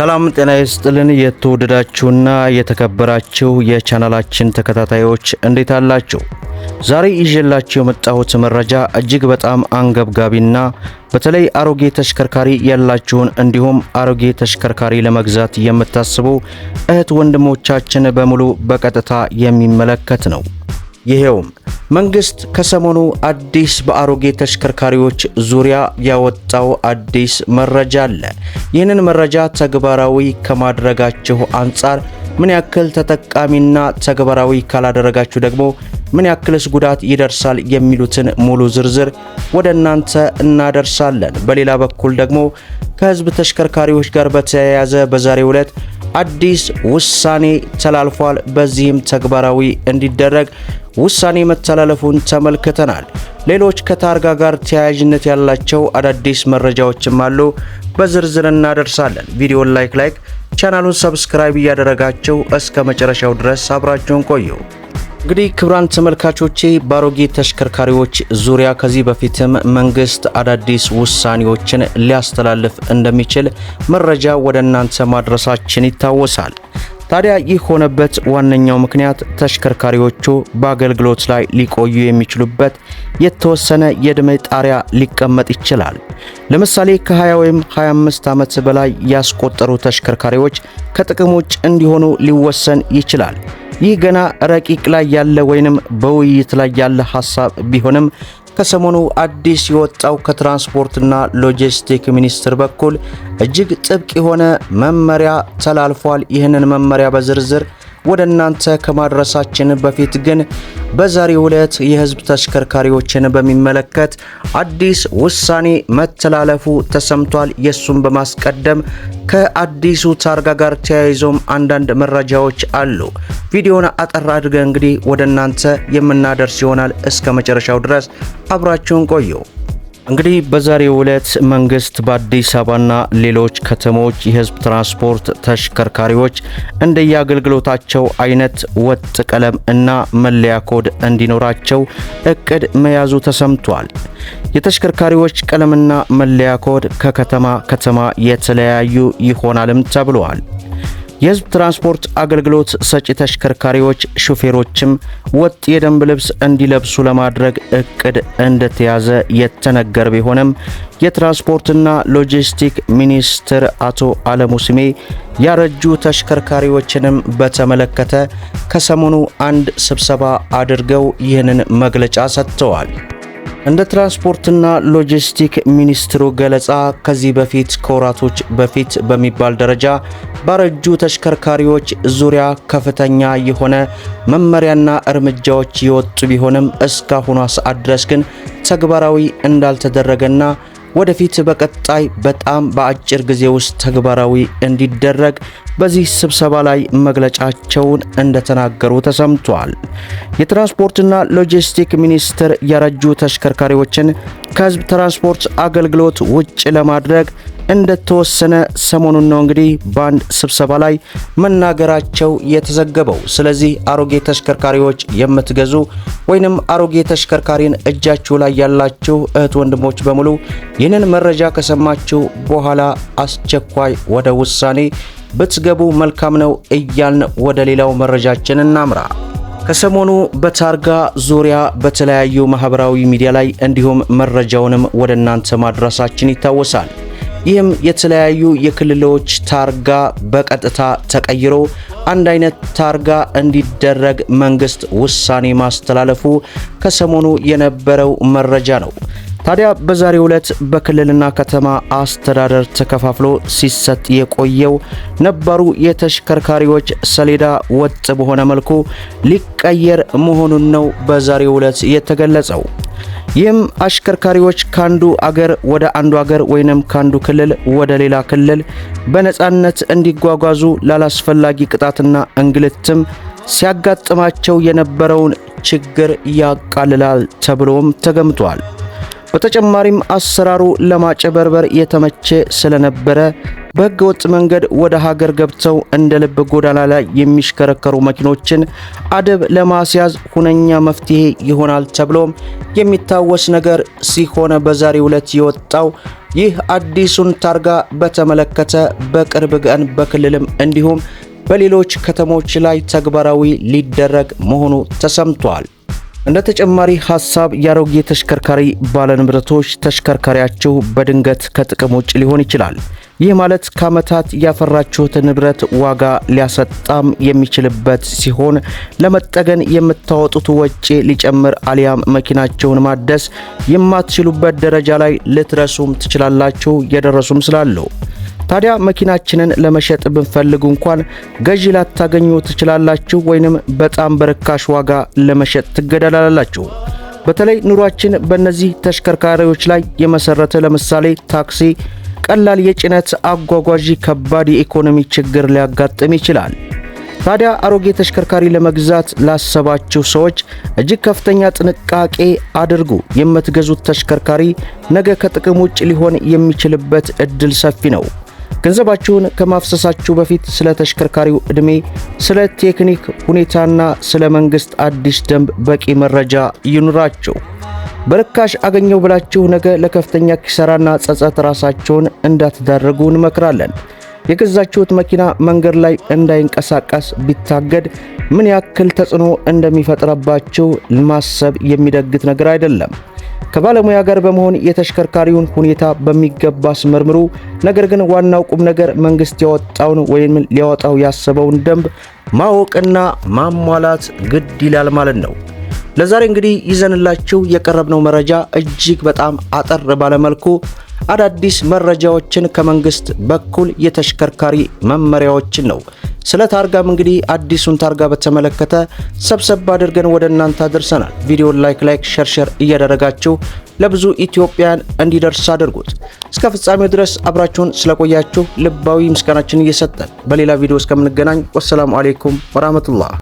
ሰላም ጤና ይስጥልን። የተወደዳችሁና የተከበራችሁ የቻናላችን ተከታታዮች እንዴት አላችሁ? ዛሬ ይዤላችሁ የመጣሁት መረጃ እጅግ በጣም አንገብጋቢና በተለይ አሮጌ ተሽከርካሪ ያላችሁን እንዲሁም አሮጌ ተሽከርካሪ ለመግዛት የምታስቡ እህት ወንድሞቻችን በሙሉ በቀጥታ የሚመለከት ነው። ይሄውም መንግስት ከሰሞኑ አዲስ በአሮጌ ተሽከርካሪዎች ዙሪያ ያወጣው አዲስ መረጃ አለ። ይህንን መረጃ ተግባራዊ ከማድረጋችሁ አንጻር ምን ያክል ተጠቃሚና ተግባራዊ ካላደረጋችሁ ደግሞ ምን ያክልስ ጉዳት ይደርሳል የሚሉትን ሙሉ ዝርዝር ወደ እናንተ እናደርሳለን። በሌላ በኩል ደግሞ ከህዝብ ተሽከርካሪዎች ጋር በተያያዘ በዛሬው ዕለት አዲስ ውሳኔ ተላልፏል። በዚህም ተግባራዊ እንዲደረግ ውሳኔ መተላለፉን ተመልክተናል። ሌሎች ከታርጋ ጋር ተያያዥነት ያላቸው አዳዲስ መረጃዎችም አሉ። በዝርዝር እናደርሳለን። ቪዲዮን ላይክ ላይክ ቻናሉን ሰብስክራይብ እያደረጋችሁ እስከ መጨረሻው ድረስ አብራችሁን ቆዩ። እንግዲህ ክብራን ተመልካቾቼ በአሮጌ ተሽከርካሪዎች ዙሪያ ከዚህ በፊትም መንግስት አዳዲስ ውሳኔዎችን ሊያስተላልፍ እንደሚችል መረጃ ወደ እናንተ ማድረሳችን ይታወሳል። ታዲያ ይህ ሆነበት ዋነኛው ምክንያት ተሽከርካሪዎቹ በአገልግሎት ላይ ሊቆዩ የሚችሉበት የተወሰነ የዕድሜ ጣሪያ ሊቀመጥ ይችላል። ለምሳሌ ከ20 ወይም 25 ዓመት በላይ ያስቆጠሩ ተሽከርካሪዎች ከጥቅም ውጭ እንዲሆኑ ሊወሰን ይችላል። ይህ ገና ረቂቅ ላይ ያለ ወይንም በውይይት ላይ ያለ ሀሳብ ቢሆንም ከሰሞኑ አዲስ የወጣው ከትራንስፖርትና ሎጂስቲክ ሚኒስቴር በኩል እጅግ ጥብቅ የሆነ መመሪያ ተላልፏል። ይህንን መመሪያ በዝርዝር ወደ እናንተ ከማድረሳችን በፊት ግን በዛሬው ዕለት የህዝብ ተሽከርካሪዎችን በሚመለከት አዲስ ውሳኔ መተላለፉ ተሰምቷል። የሱን በማስቀደም ከአዲሱ ታርጋ ጋር ተያይዞም አንዳንድ መረጃዎች አሉ። ቪዲዮን አጠር አድርገን እንግዲህ ወደ እናንተ የምናደርስ ይሆናል። እስከ መጨረሻው ድረስ አብራችሁን ቆዩ። እንግዲህ በዛሬው ዕለት መንግስት በአዲስ አበባና ሌሎች ከተሞች የህዝብ ትራንስፖርት ተሽከርካሪዎች እንደየአገልግሎታቸው አይነት ወጥ ቀለም እና መለያ ኮድ እንዲኖራቸው እቅድ መያዙ ተሰምቷል። የተሽከርካሪዎች ቀለምና መለያ ኮድ ከከተማ ከተማ የተለያዩ ይሆናልም ተብሏል። የህዝብ ትራንስፖርት አገልግሎት ሰጪ ተሽከርካሪዎች ሹፌሮችም ወጥ የደንብ ልብስ እንዲለብሱ ለማድረግ እቅድ እንደተያዘ የተነገረ ቢሆንም የትራንስፖርትና ሎጂስቲክ ሚኒስትር አቶ አለሙ ስሜ ያረጁ ተሽከርካሪዎችንም በተመለከተ ከሰሞኑ አንድ ስብሰባ አድርገው ይህንን መግለጫ ሰጥተዋል። እንደ ትራንስፖርትና ሎጂስቲክ ሚኒስትሩ ገለጻ ከዚህ በፊት ከወራቶች በፊት በሚባል ደረጃ ባረጁ ተሽከርካሪዎች ዙሪያ ከፍተኛ የሆነ መመሪያና እርምጃዎች የወጡ ቢሆንም እስካሁኗ ሰዓት ድረስ ግን ተግባራዊ እንዳልተደረገና ወደፊት በቀጣይ በጣም በአጭር ጊዜ ውስጥ ተግባራዊ እንዲደረግ በዚህ ስብሰባ ላይ መግለጫቸውን እንደተናገሩ ተሰምቷል። የትራንስፖርትና ሎጂስቲክ ሚኒስትር ያረጁ ተሽከርካሪዎችን ከህዝብ ትራንስፖርት አገልግሎት ውጭ ለማድረግ እንደተወሰነ ሰሞኑን ነው እንግዲህ በአንድ ስብሰባ ላይ መናገራቸው የተዘገበው። ስለዚህ አሮጌ ተሽከርካሪዎች የምትገዙ ወይንም አሮጌ ተሽከርካሪን እጃችሁ ላይ ያላችሁ እህት ወንድሞች በሙሉ ይህንን መረጃ ከሰማችሁ በኋላ አስቸኳይ ወደ ውሳኔ ብትገቡ መልካም ነው እያልን ወደ ሌላው መረጃችን እናምራ። ከሰሞኑ በታርጋ ዙሪያ በተለያዩ ማህበራዊ ሚዲያ ላይ እንዲሁም መረጃውንም ወደ እናንተ ማድረሳችን ይታወሳል። ይህም የተለያዩ የክልሎች ታርጋ በቀጥታ ተቀይሮ አንድ አይነት ታርጋ እንዲደረግ መንግስት ውሳኔ ማስተላለፉ ከሰሞኑ የነበረው መረጃ ነው። ታዲያ በዛሬው ዕለት በክልልና ከተማ አስተዳደር ተከፋፍሎ ሲሰጥ የቆየው ነባሩ የተሽከርካሪዎች ሰሌዳ ወጥ በሆነ መልኩ ሊቀየር መሆኑን ነው በዛሬው ዕለት የተገለጸው። ይህም አሽከርካሪዎች ካንዱ አገር ወደ አንዱ አገር ወይንም ካንዱ ክልል ወደ ሌላ ክልል በነፃነት እንዲጓጓዙ ላላስፈላጊ ቅጣትና እንግልትም ሲያጋጥማቸው የነበረውን ችግር ያቃልላል ተብሎም ተገምቷል። በተጨማሪም አሰራሩ ለማጨበርበር የተመቸ ስለነበረ በሕገ ወጥ መንገድ ወደ ሀገር ገብተው እንደ ልብ ጎዳና ላይ የሚሽከረከሩ መኪኖችን አደብ ለማስያዝ ሁነኛ መፍትሄ ይሆናል ተብሎም የሚታወስ ነገር ሲሆን በዛሬው ዕለት የወጣው ይህ አዲሱን ታርጋ በተመለከተ በቅርብ ቀን በክልልም እንዲሁም በሌሎች ከተሞች ላይ ተግባራዊ ሊደረግ መሆኑ ተሰምቷል። እንደ ተጨማሪ ሀሳብ የአሮጌ ተሽከርካሪ ባለንብረቶች ተሽከርካሪያችሁ በድንገት ከጥቅም ውጭ ሊሆን ይችላል። ይህ ማለት ከዓመታት ያፈራችሁትን ንብረት ዋጋ ሊያሰጣም የሚችልበት ሲሆን ለመጠገን የምታወጡት ወጪ ሊጨምር አሊያም መኪናቸውን ማደስ የማትችሉበት ደረጃ ላይ ልትረሱም ትችላላችሁ የደረሱም ስላለው ታዲያ መኪናችንን ለመሸጥ ብንፈልግ እንኳን ገዢ ላታገኙ ትችላላችሁ፣ ወይንም በጣም በርካሽ ዋጋ ለመሸጥ ትገደላላችሁ። በተለይ ኑሯችን በእነዚህ ተሽከርካሪዎች ላይ የመሰረተ ለምሳሌ ታክሲ፣ ቀላል የጭነት አጓጓዥ ከባድ የኢኮኖሚ ችግር ሊያጋጥም ይችላል። ታዲያ አሮጌ ተሽከርካሪ ለመግዛት ላሰባችሁ ሰዎች እጅግ ከፍተኛ ጥንቃቄ አድርጉ። የምትገዙት ተሽከርካሪ ነገ ከጥቅም ውጭ ሊሆን የሚችልበት እድል ሰፊ ነው። ገንዘባችሁን ከማፍሰሳችሁ በፊት ስለ ተሽከርካሪው ዕድሜ፣ ስለ ቴክኒክ ሁኔታና ስለ መንግሥት አዲስ ደንብ በቂ መረጃ ይኑራችሁ። በርካሽ አገኘው ብላችሁ ነገ ለከፍተኛ ኪሳራና ጸጸት ራሳችሁን እንዳትዳረጉ እንመክራለን። የገዛችሁት መኪና መንገድ ላይ እንዳይንቀሳቀስ ቢታገድ ምን ያክል ተጽዕኖ እንደሚፈጥረባችሁ ማሰብ የሚደግት ነገር አይደለም። ከባለሙያ ጋር በመሆን የተሽከርካሪውን ሁኔታ በሚገባ አስመርምሩ። ነገር ግን ዋናው ቁም ነገር መንግስት ያወጣውን ወይም ሊያወጣው ያሰበውን ደንብ ማወቅና ማሟላት ግድ ይላል ማለት ነው። ለዛሬ እንግዲህ ይዘንላችሁ የቀረብነው መረጃ እጅግ በጣም አጠር ባለመልኩ አዳዲስ መረጃዎችን ከመንግስት በኩል የተሽከርካሪ መመሪያዎችን ነው። ስለ ታርጋም እንግዲህ አዲሱን ታርጋ በተመለከተ ሰብሰብ አድርገን ወደ እናንተ አድርሰናል። ቪዲዮን ላይክ ላይክ ሸርሸር እያደረጋችሁ ለብዙ ኢትዮጵያን እንዲደርስ አድርጉት። እስከ ፍጻሜው ድረስ አብራችሁን ስለቆያችሁ ልባዊ ምስጋናችን እየሰጠን በሌላ ቪዲዮ እስከምንገናኝ ወሰላሙ አሌይኩም ወራህመቱላህ